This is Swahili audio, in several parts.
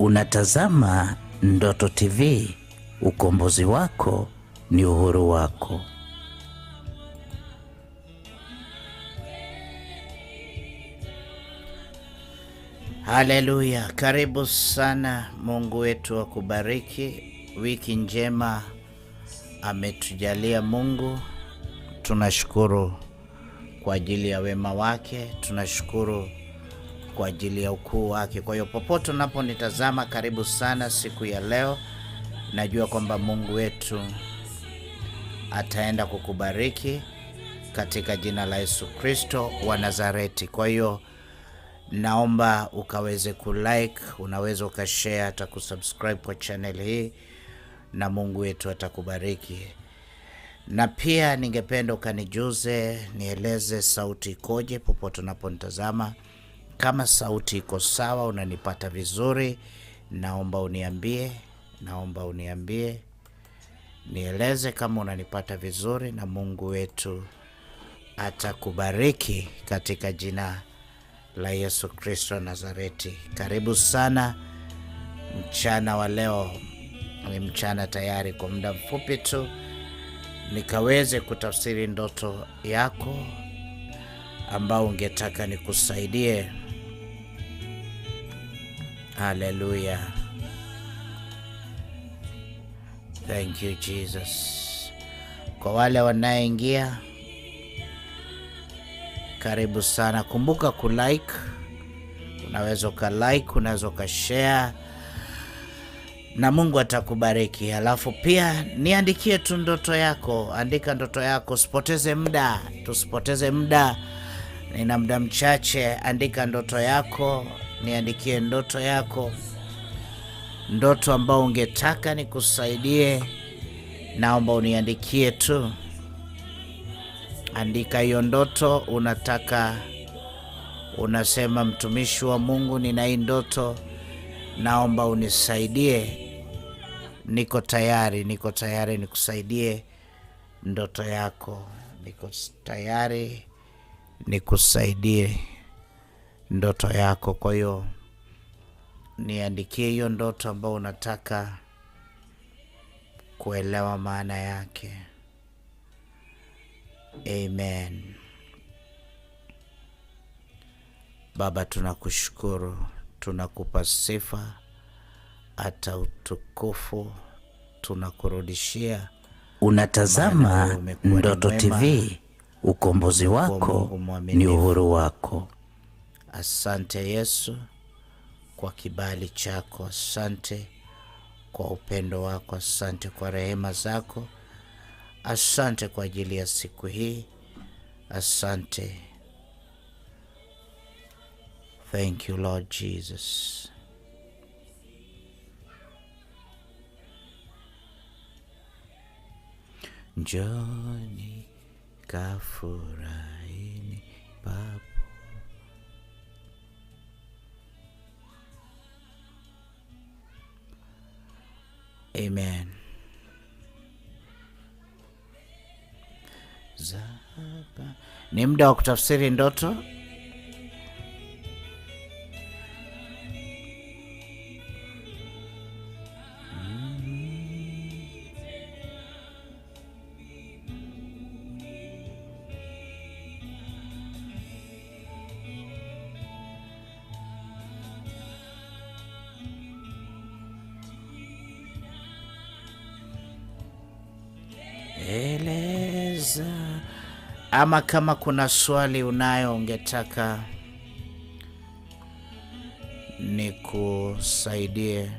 Unatazama Ndoto TV. Ukombozi wako ni uhuru wako. Haleluya! Karibu sana. Mungu wetu akubariki. Wiki njema ametujalia Mungu. Tunashukuru kwa ajili ya wema wake, tunashukuru kwa ajili ya ukuu wake. Kwa hiyo popote unaponitazama, karibu sana siku ya leo. Najua kwamba Mungu wetu ataenda kukubariki katika jina la Yesu Kristo wa Nazareti. Kwa hiyo naomba ukaweze kulike, unaweza ukashare hata kusubscribe kwa channel hii, na Mungu wetu atakubariki. Na pia ningependa ukanijuze, nieleze sauti ikoje popote unaponitazama. Kama sauti iko sawa, unanipata vizuri, naomba uniambie, naomba uniambie, nieleze kama unanipata vizuri, na Mungu wetu atakubariki katika jina la Yesu Kristo Nazareti. Karibu sana mchana wa leo. Ni mchana tayari, kwa muda mfupi tu nikaweze kutafsiri ndoto yako ambao ungetaka nikusaidie Hallelujah. Thank you Jesus. Kwa wale wanaingia, karibu sana. Kumbuka kulike, unaweza ukalike, unaweza ukashare na Mungu atakubariki. Alafu pia niandikie tu ndoto yako, andika ndoto yako, usipoteze muda, tusipoteze muda, nina muda mchache. Andika ndoto yako niandikie ndoto yako, ndoto ambao ungetaka nikusaidie, naomba uniandikie tu. Andika hiyo ndoto unataka, unasema mtumishi wa Mungu, nina hii ndoto, naomba unisaidie. Niko tayari, niko tayari nikusaidie ndoto yako, niko tayari nikusaidie ndoto yako. Kwa hiyo niandikie hiyo ndoto ambayo unataka kuelewa maana yake. Amen. Baba, tunakushukuru, tunakupa sifa hata utukufu, tunakurudishia. Unatazama Ndoto TV, ukombozi wako ni uhuru wako. Asante Yesu kwa kibali chako, asante kwa upendo wako, asante kwa rehema zako, asante kwa ajili ya siku hii, asante. Thank you Lord Jesus. Njoni kafurahini Baba Amen. Ni muda wa kutafsiri ndoto. eleza, ama kama kuna swali unayo ungetaka nikusaidie.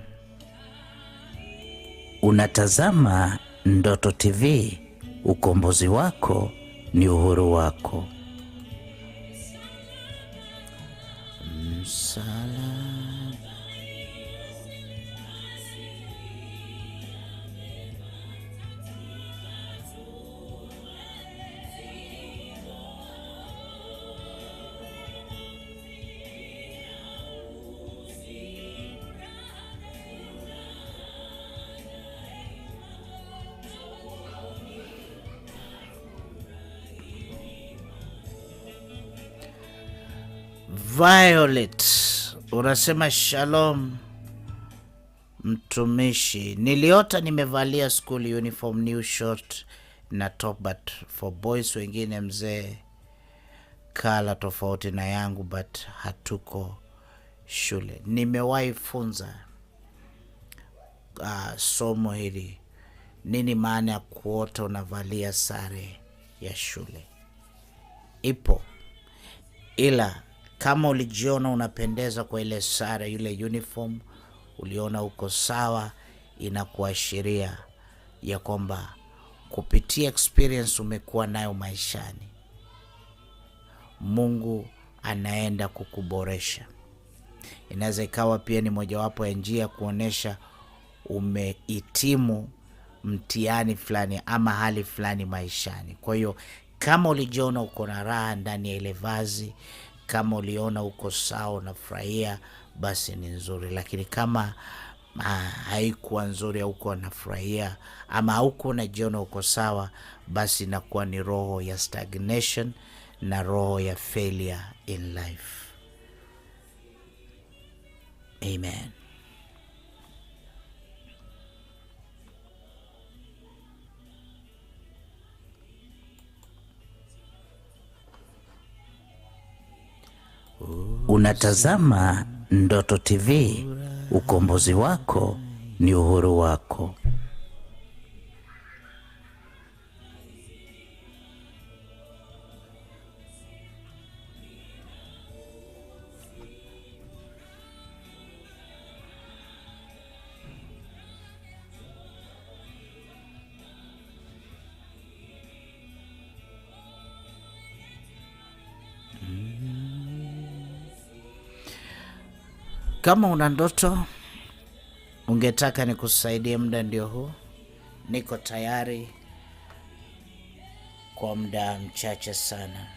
Unatazama Ndoto TV, ukombozi wako ni uhuru wako. Violet unasema shalom mtumishi, niliota nimevalia school uniform, new short na top, but for boys wengine mzee, kala tofauti na yangu, but hatuko shule. Nimewahi funza uh, somo hili. Nini maana ya kuota unavalia sare ya shule? Ipo ila kama ulijiona unapendeza kwa ile sare, yule uniform, uliona uko sawa, inakuashiria ya kwamba kupitia experience umekuwa nayo maishani, Mungu anaenda kukuboresha. Inaweza ikawa pia ni mojawapo ya njia ya kuonyesha umehitimu mtihani fulani ama hali fulani maishani. Kwa hiyo kama ulijiona uko na raha ndani ya ile vazi kama uliona uko sawa, unafurahia basi ni nzuri, lakini kama ah, haikuwa nzuri, auko unafurahia ama auko unajiona uko sawa, basi inakuwa ni roho ya stagnation na roho ya failure in life. Amen. Unatazama Ndoto TV. Ukombozi wako ni uhuru wako. Kama una ndoto ungetaka nikusaidie muda ndio huu, niko tayari kwa muda mchache sana.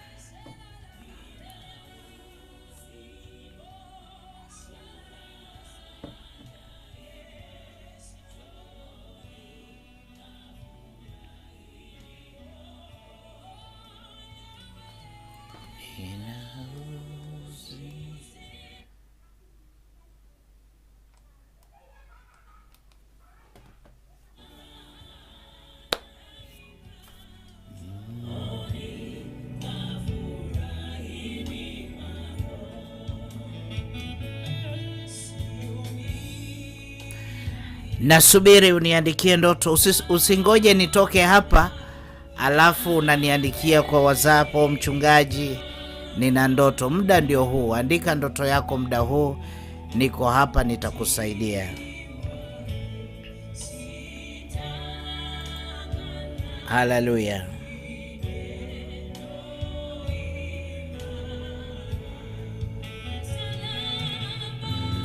nasubiri uniandikie ndoto Usis, usingoje nitoke hapa alafu unaniandikia kwa wazapo mchungaji, nina ndoto. Muda ndio huu, andika ndoto yako muda huu, niko hapa, nitakusaidia. Haleluya.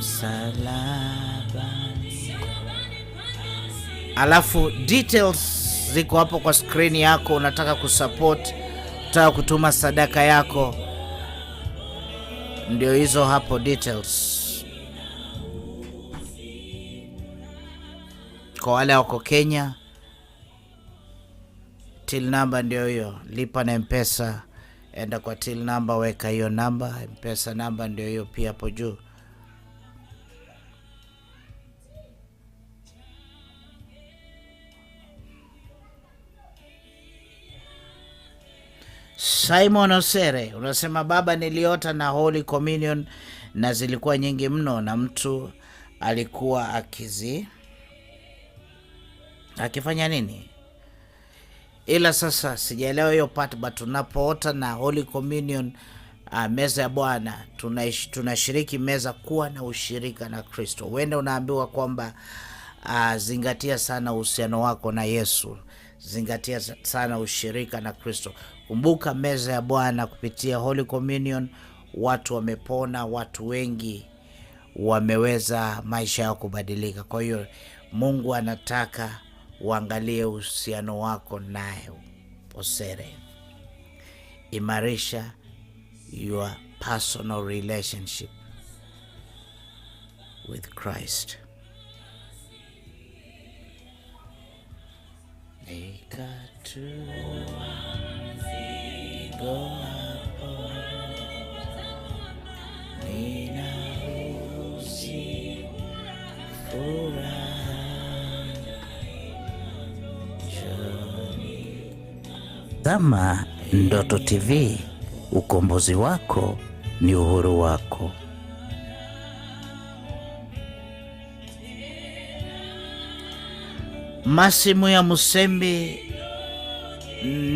Salam alafu details ziko hapo kwa screen yako. Unataka kusupport, unataka kutuma sadaka yako, ndio hizo hapo details. Kwa wale wako Kenya, till number ndio hiyo, lipa na Mpesa, enda kwa till number, weka hiyo namba Mpesa namba ndio hiyo pia hapo juu. Simon Osere unasema baba, niliota na Holy Communion na zilikuwa nyingi mno, na mtu alikuwa akizi akifanya nini, ila sasa sijaelewa hiyo part, but tunapoota na Holy Communion Uh, meza ya Bwana tunashiriki meza kuwa na ushirika na Kristo. Huenda unaambiwa kwamba uh, zingatia sana uhusiano wako na Yesu, zingatia sana ushirika na Kristo. Kumbuka meza ya Bwana kupitia Holy Communion, watu wamepona, watu wengi wameweza maisha yao kubadilika. Kwa hiyo Mungu anataka uangalie uhusiano wako naye. Osere, imarisha your personal relationship with Christ. Nikatua hapo, furaha njoni. Ndoto TV, ukombozi wako ni uhuru wako. Masimu ya Musembi,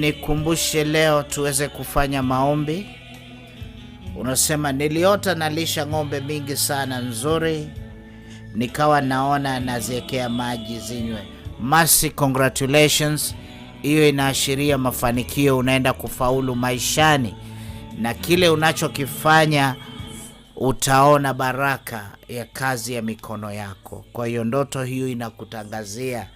nikumbushe leo tuweze kufanya maombi. Unasema niliota nalisha ng'ombe mingi sana nzuri, nikawa naona naziwekea maji zinywe. Masi, congratulations! Hiyo inaashiria mafanikio, unaenda kufaulu maishani na kile unachokifanya utaona baraka ya kazi ya mikono yako. Kwa hiyo ndoto hiyo inakutangazia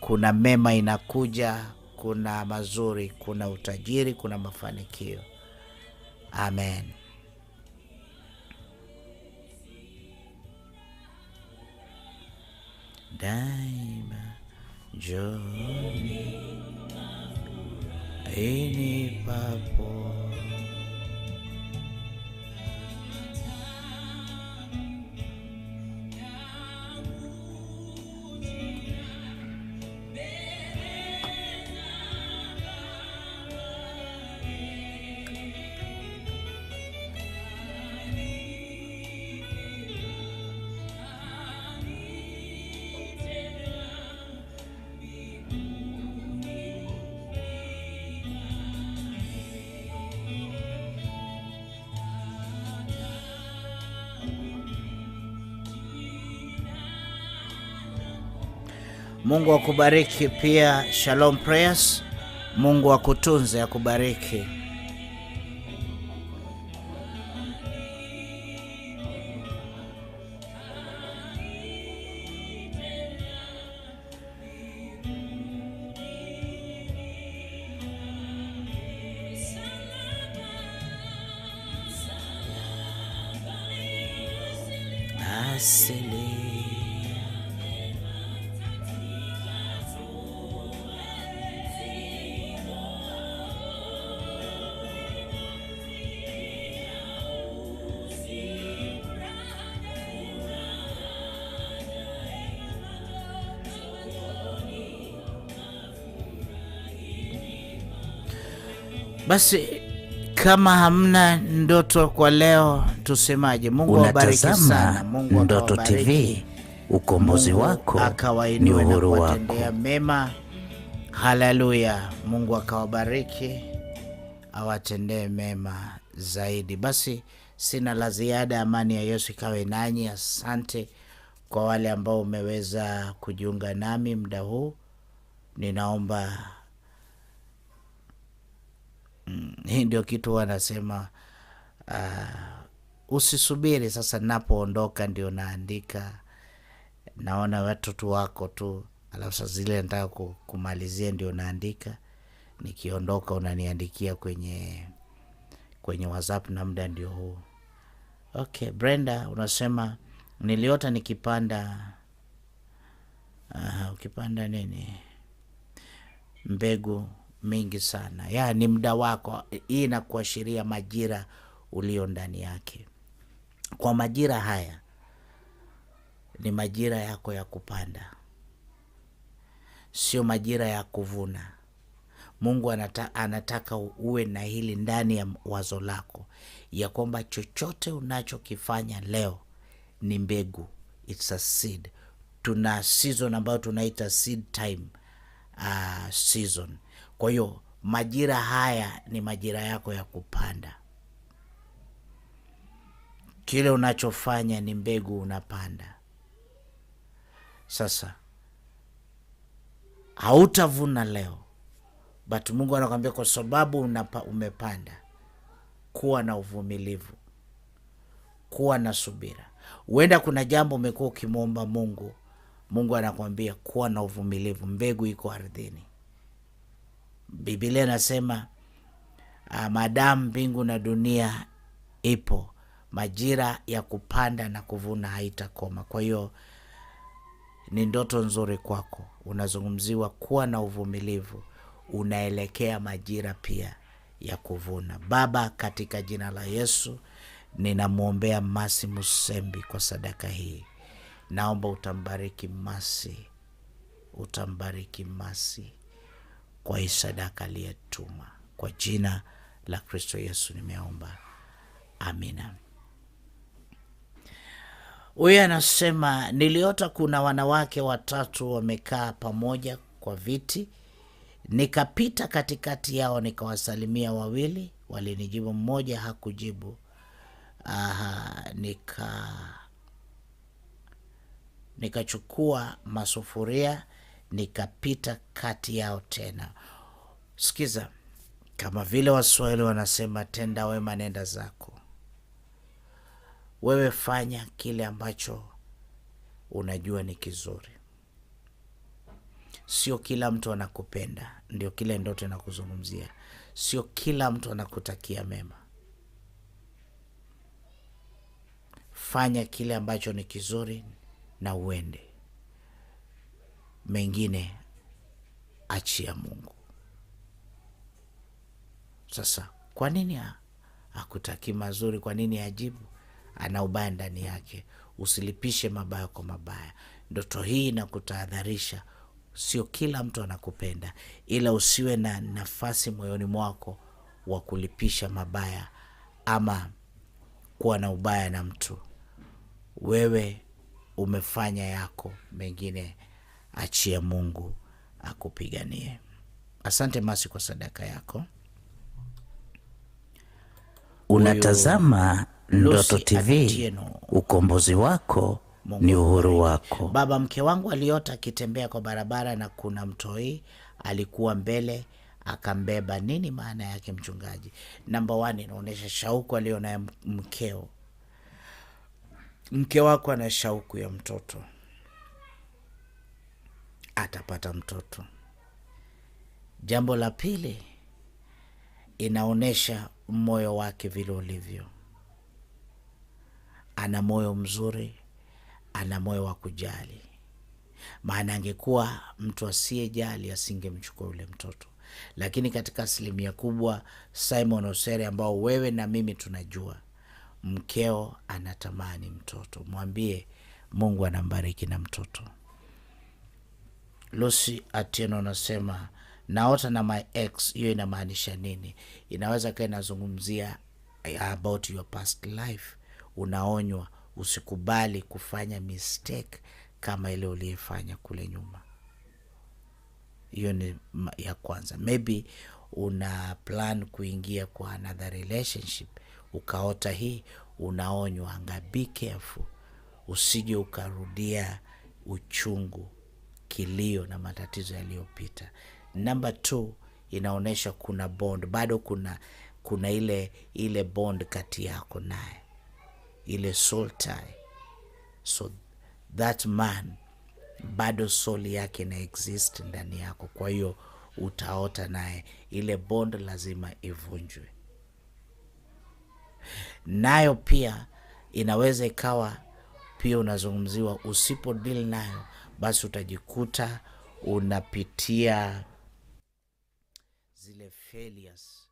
kuna mema inakuja, kuna mazuri, kuna utajiri, kuna mafanikio. Amen. Daima njooni, ini papo Mungu akubariki pia. Shalom Prayers, Mungu akutunze, akubariki. Asili. Basi kama hamna ndoto kwa leo, tusemaje? Mungu awabariki sana. Mungu Ndoto TV, ukombozi wako ni uhuru wako. Mema, haleluya. Mungu akawabariki, awatendee mema zaidi. Basi sina la ziada. Amani ya Yesu ikawe nanyi. Asante kwa wale ambao umeweza kujiunga nami muda huu, ninaomba Hii ndio kitu wanasema uh, ah, usisubiri sasa napoondoka ndio naandika, naona watoto wako tu, alafu sa zile nataka kumalizia ndio naandika. Nikiondoka unaniandikia kwenye kwenye WhatsApp na muda ndio huu. ok Brenda unasema niliota nikipanda uh, ukipanda nini mbegu mengi sana, yaani muda wako. Hii inakuashiria majira ulio ndani yake. Kwa majira haya ni majira yako ya kupanda, sio majira ya kuvuna. Mungu anata, anataka uwe na hili ndani ya wazo lako ya kwamba chochote unachokifanya leo ni mbegu, it's a seed. Tuna season ambayo tunaita seed time uh, season kwa hiyo majira haya ni majira yako ya kupanda. Kile unachofanya ni mbegu unapanda. Sasa hautavuna leo, but Mungu anakwambia kwa sababu unapa, umepanda, kuwa na uvumilivu, kuwa na subira. Huenda kuna jambo umekuwa ukimwomba Mungu, Mungu anakwambia kuwa na uvumilivu, mbegu iko ardhini bibilia inasema uh, ah, maadamu mbingu na dunia ipo, majira ya kupanda na kuvuna haitakoma. Kwa hiyo ni ndoto nzuri kwako, unazungumziwa kuwa na uvumilivu, unaelekea majira pia ya kuvuna. Baba, katika jina la Yesu ninamwombea Masi Musembi kwa sadaka hii, naomba utambariki Masi, utambariki Masi kwa hii sadaka aliyetuma. Kwa jina la Kristo Yesu nimeomba, amina. Huyu anasema niliota kuna wanawake watatu wamekaa pamoja kwa viti, nikapita katikati yao nikawasalimia wawili, walinijibu, mmoja hakujibu. Aha, nika nikachukua masufuria nikapita kati yao tena. Sikiza, kama vile Waswahili wanasema, tenda wema nenda zako. Wewe fanya kile ambacho unajua ni kizuri. Sio kila mtu anakupenda, ndio kile ndoto inakuzungumzia. Sio kila mtu anakutakia mema. Fanya kile ambacho ni kizuri na uende mengine achia Mungu. Sasa kwa nini akutaki mazuri? Kwa nini ajibu? Ana ubaya ndani yake. Usilipishe mabaya kwa mabaya. Ndoto hii inakutahadharisha, sio kila mtu anakupenda, ila usiwe na nafasi moyoni mwako wa kulipisha mabaya ama kuwa na ubaya na mtu. Wewe umefanya yako, mengine achia Mungu akupiganie. Asante Masi kwa sadaka yako. Unatazama Ndoto TV Ukombozi wako Mungu ni uhuru wako. Baba, mke wangu aliota akitembea kwa barabara na kuna mtoi alikuwa mbele akambeba. Nini maana yake mchungaji? Namba inaonyesha shauku naye mkeo. Mke wako ana shauku ya mtoto atapata mtoto. Jambo la pili, inaonyesha moyo wake vile ulivyo. Ana moyo mzuri, ana moyo wa kujali, maana angekuwa mtu asiyejali asingemchukua yule mtoto. Lakini katika asilimia kubwa, Simon Osere, ambao wewe na mimi tunajua, mkeo anatamani mtoto. Mwambie Mungu anambariki na mtoto. Lucy Atieno anasema naota na my ex. Hiyo inamaanisha nini? Inaweza kaa inazungumzia eh, about your past life. Unaonywa usikubali kufanya mistake kama ile uliyefanya kule nyuma. Hiyo ni ya kwanza. Maybe una plan kuingia kwa another relationship, ukaota hii, unaonywa anga, be careful, usije ukarudia uchungu kilio na matatizo yaliyopita. Namba two inaonyesha kuna bond, bado kuna kuna ile ile bond kati yako naye, ile soul tie. So that man bado soul yake ina exist ndani yako, kwa hiyo utaota naye, ile bond lazima ivunjwe. Nayo pia inaweza ikawa pia unazungumziwa. Usipo deal nayo, basi utajikuta unapitia zile failures,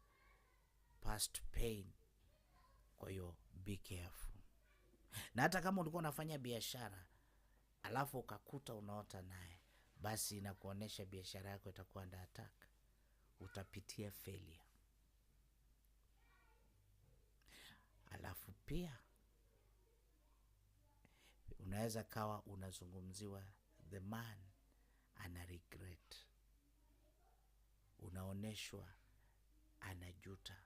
past pain. Kwa hiyo be careful, na hata kama ulikuwa unafanya biashara alafu ukakuta unaota naye, basi inakuonyesha biashara yako itakuwa under attack, utapitia failure alafu pia unaweza kawa unazungumziwa, the man ana regret, unaonyeshwa anajuta.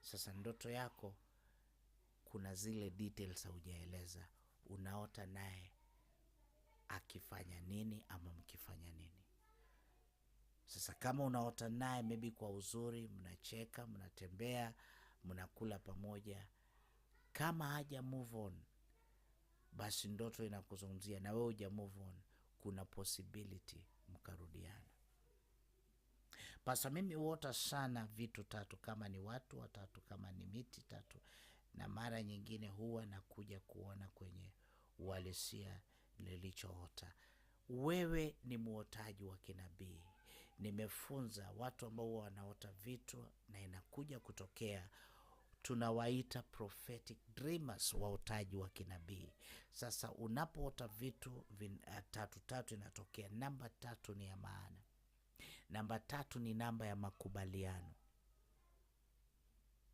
Sasa ndoto yako kuna zile details haujaeleza, unaota naye akifanya nini ama mkifanya nini. Sasa kama unaota naye maybe kwa uzuri, mnacheka, mnatembea, mnakula pamoja, kama haja move on basi ndoto inakuzungumzia na wewe uja move on, kuna possibility mkarudiana. Pasa mimi huota sana vitu tatu, kama ni watu watatu, kama ni miti tatu, na mara nyingine huwa nakuja kuona kwenye uhalisia nilichoota. Wewe ni muotaji wa kinabii. Nimefunza watu ambao wanaota vitu na inakuja kutokea tunawaita prophetic dreamers, waotaji wa kinabii. Sasa unapoota vitu vin, uh, tatu tatu inatokea. Namba tatu ni ya maana. Namba tatu ni namba ya makubaliano.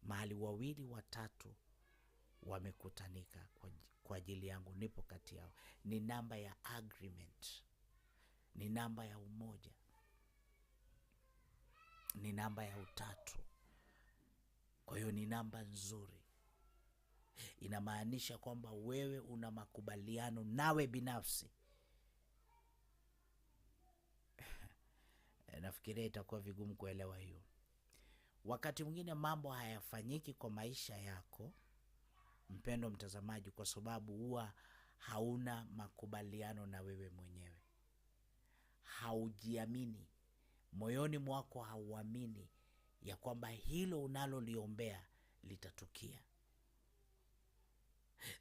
Mahali wawili watatu wamekutanika kwa ajili yangu, nipo kati yao. Ni namba ya agreement, ni namba ya umoja, ni namba ya utatu. Kwa hiyo ni namba nzuri, inamaanisha kwamba wewe una makubaliano nawe binafsi. Nafikiria itakuwa vigumu kuelewa hiyo. Wakati mwingine mambo hayafanyiki kwa maisha yako, mpendo mtazamaji, kwa sababu huwa hauna makubaliano na wewe mwenyewe, haujiamini moyoni mwako, hauamini ya kwamba hilo unaloliombea litatukia.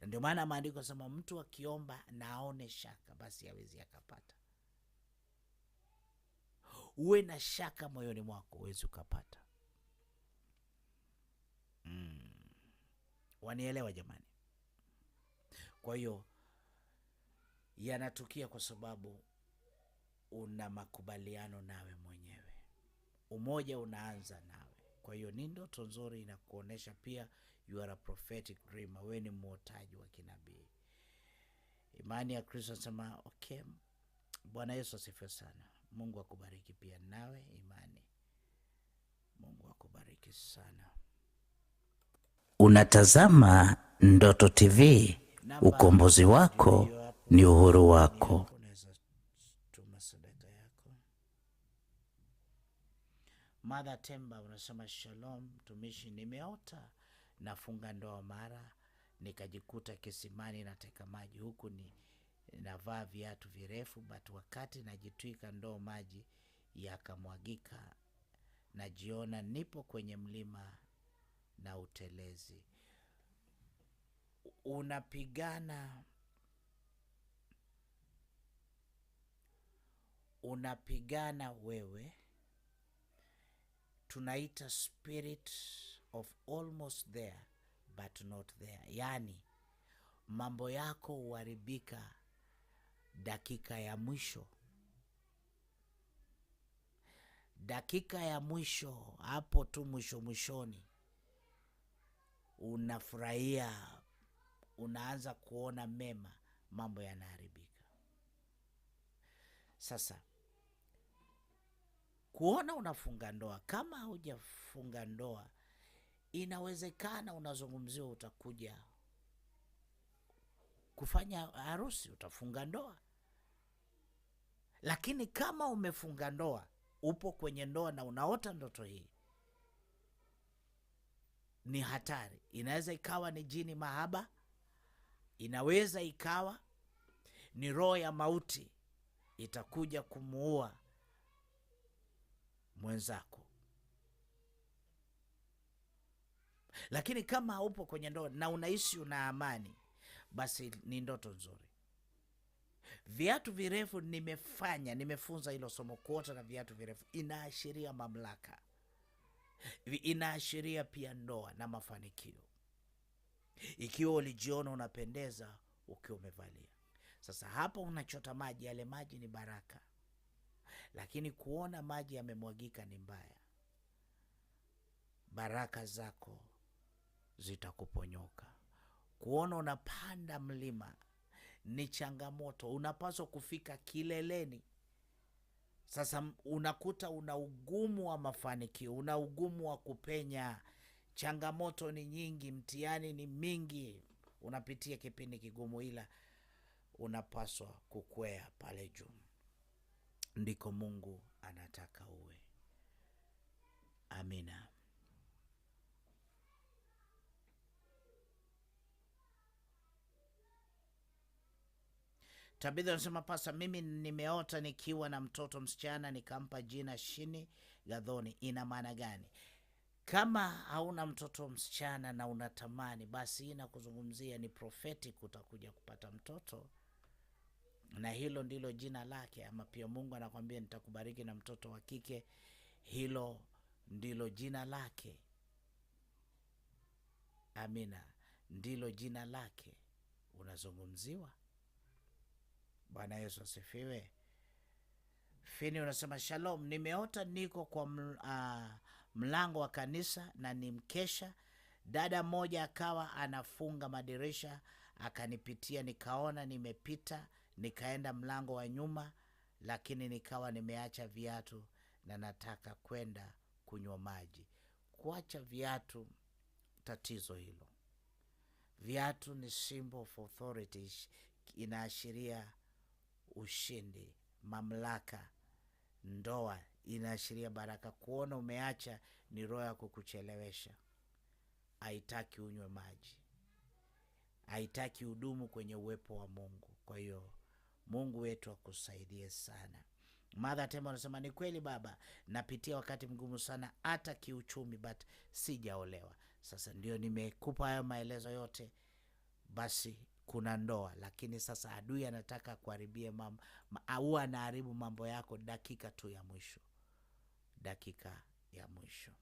Ndio maana maandiko asema mtu akiomba na aone shaka, basi awezi akapata. Uwe na shaka moyoni mwako, uwezi ukapata. Mm. Wanielewa jamani? Kwa hiyo yanatukia kwa sababu una makubaliano nawe mwenyewe umoja unaanza nawe. Kwa hiyo ni ndoto nzuri, inakuonyesha pia you are a prophetic dreamer, wewe ni mwotaji wa kinabii. Imani ya Kristo anasema okay. Bwana Yesu asifiwe sana. Mungu akubariki pia nawe imani. Mungu akubariki sana. Unatazama Ndoto TV, ukombozi wako ni uhuru wako. Madha Temba unasema shalom, mtumishi, nimeota nafunga ndoa mara nikajikuta kisimani nateka maji huku ni navaa viatu virefu, but wakati najitwika ndoo maji yakamwagika, najiona nipo kwenye mlima na utelezi. Unapigana, unapigana wewe tunaita spirit of almost there but not there, yani mambo yako huharibika dakika ya mwisho. Dakika ya mwisho hapo tu mwisho mwishoni, unafurahia, unaanza kuona mema, mambo yanaharibika. Sasa kuona unafunga ndoa. Kama haujafunga ndoa, inawezekana unazungumziwa, utakuja kufanya harusi, utafunga ndoa. Lakini kama umefunga ndoa, upo kwenye ndoa na unaota ndoto hii, ni hatari. Inaweza ikawa ni jini mahaba, inaweza ikawa ni roho ya mauti itakuja kumuua mwenzako. Lakini kama upo kwenye ndoa na unahisi una amani, basi ni ndoto nzuri. Viatu virefu nimefanya, nimefunza hilo somo. Kuota na viatu virefu inaashiria mamlaka, inaashiria pia ndoa na mafanikio. Ikiwa ulijiona unapendeza ukiwa umevalia, sasa hapa unachota maji, yale maji ni baraka lakini kuona maji yamemwagika ni mbaya. Baraka zako zitakuponyoka. Kuona unapanda mlima ni changamoto, unapaswa kufika kileleni. Sasa unakuta una ugumu wa mafanikio, una ugumu wa kupenya. Changamoto ni nyingi, mtihani ni mingi, unapitia kipindi kigumu, ila unapaswa kukwea pale juu ndiko mungu anataka uwe amina Tabitha anasema pasa, mimi nimeota nikiwa na mtoto msichana nikampa jina Shini Gadhoni. Ina maana gani? Kama hauna mtoto msichana na unatamani, basi hii nakuzungumzia ni profeti, utakuja kupata mtoto na hilo ndilo jina lake, ama pia Mungu anakwambia nitakubariki na mtoto wa kike, hilo ndilo jina lake. Amina, ndilo jina lake unazungumziwa. Bwana Yesu asifiwe. Fini unasema shalom, nimeota niko kwa ah, mlango wa kanisa na ni mkesha. Dada mmoja akawa anafunga madirisha, akanipitia, nikaona nimepita nikaenda mlango wa nyuma, lakini nikawa nimeacha viatu na nataka kwenda kunywa maji. Kuacha viatu, tatizo hilo. Viatu ni symbol of authority, inaashiria ushindi, mamlaka. Ndoa inaashiria baraka. Kuona umeacha ni roho ya kukuchelewesha, haitaki unywe maji, haitaki hudumu kwenye uwepo wa Mungu. Kwa hiyo Mungu wetu akusaidie sana. Madha tema anasema ni kweli baba, napitia wakati mgumu sana hata kiuchumi, but sijaolewa. Sasa ndio nimekupa hayo maelezo yote, basi kuna ndoa, lakini sasa adui anataka kuharibia mambo au anaharibu mambo yako dakika tu ya mwisho, dakika ya mwisho.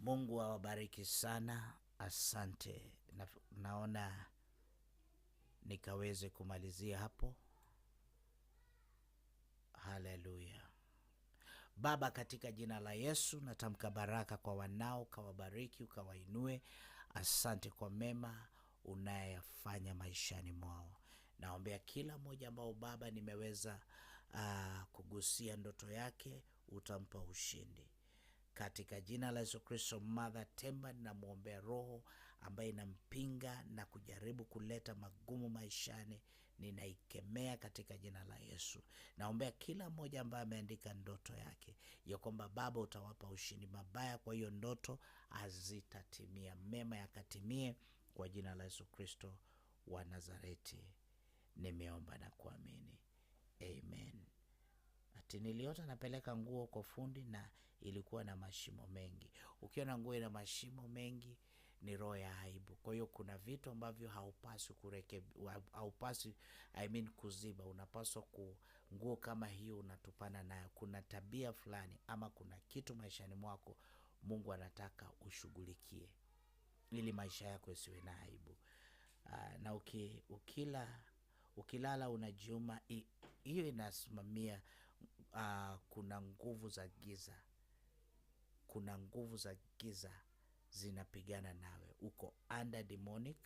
Mungu awabariki sana, asante na, naona nikaweze kumalizia hapo. Haleluya. Baba, katika jina la Yesu natamka baraka kwa wanao, ukawabariki, ukawainue. Asante kwa mema unayafanya maishani mwao. Naombea kila mmoja ambao Baba nimeweza uh, kugusia ndoto yake, utampa ushindi katika jina la Yesu Kristo. madha Temba ninamwombea roho ambayo inampinga na kujaribu kuleta magumu maishani, ninaikemea katika jina la Yesu. Naombea kila mmoja ambaye ameandika ndoto yake ya kwamba Baba utawapa ushindi. Mabaya kwa hiyo ndoto hazitatimia, mema yakatimie kwa jina la Yesu Kristo wa Nazareti. Nimeomba na kuamini, amen. Ati niliota napeleka nguo kwa fundi na ilikuwa na mashimo mengi. Ukiona nguo ina mashimo mengi ni roho ya aibu. Kwa hiyo kuna vitu ambavyo haupaswi kurekebisha, haupaswi I mean kuziba, unapaswa ku nguo kama hiyo unatupana nayo. Kuna tabia fulani ama kuna kitu maishani mwako Mungu anataka ushughulikie ili maisha yako isiwe na aibu. Aa, ah, na uki, ukila ukilala unajiuma, hiyo inasimamia uh, kuna nguvu za giza, kuna nguvu za giza zinapigana nawe, uko under demonic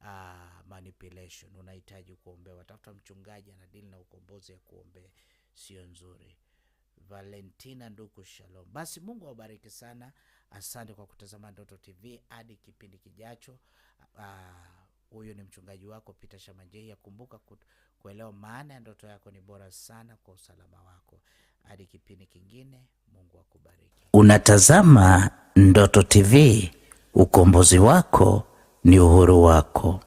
uh, manipulation. Unahitaji kuombewa, tafuta mchungaji anadili na ukombozi ya kuombea, sio nzuri. Valentina Nduku, shalom. Basi Mungu awabariki sana, asante kwa kutazama Ndoto TV hadi kipindi kijacho. Ah, huyu uh, ni mchungaji wako Peter Shamanjei. Kumbuka kuelewa maana ya ndoto yako ni bora sana kwa usalama wako. Hadi kipindi kingine. Unatazama Ndoto TV, ukombozi wako ni uhuru wako.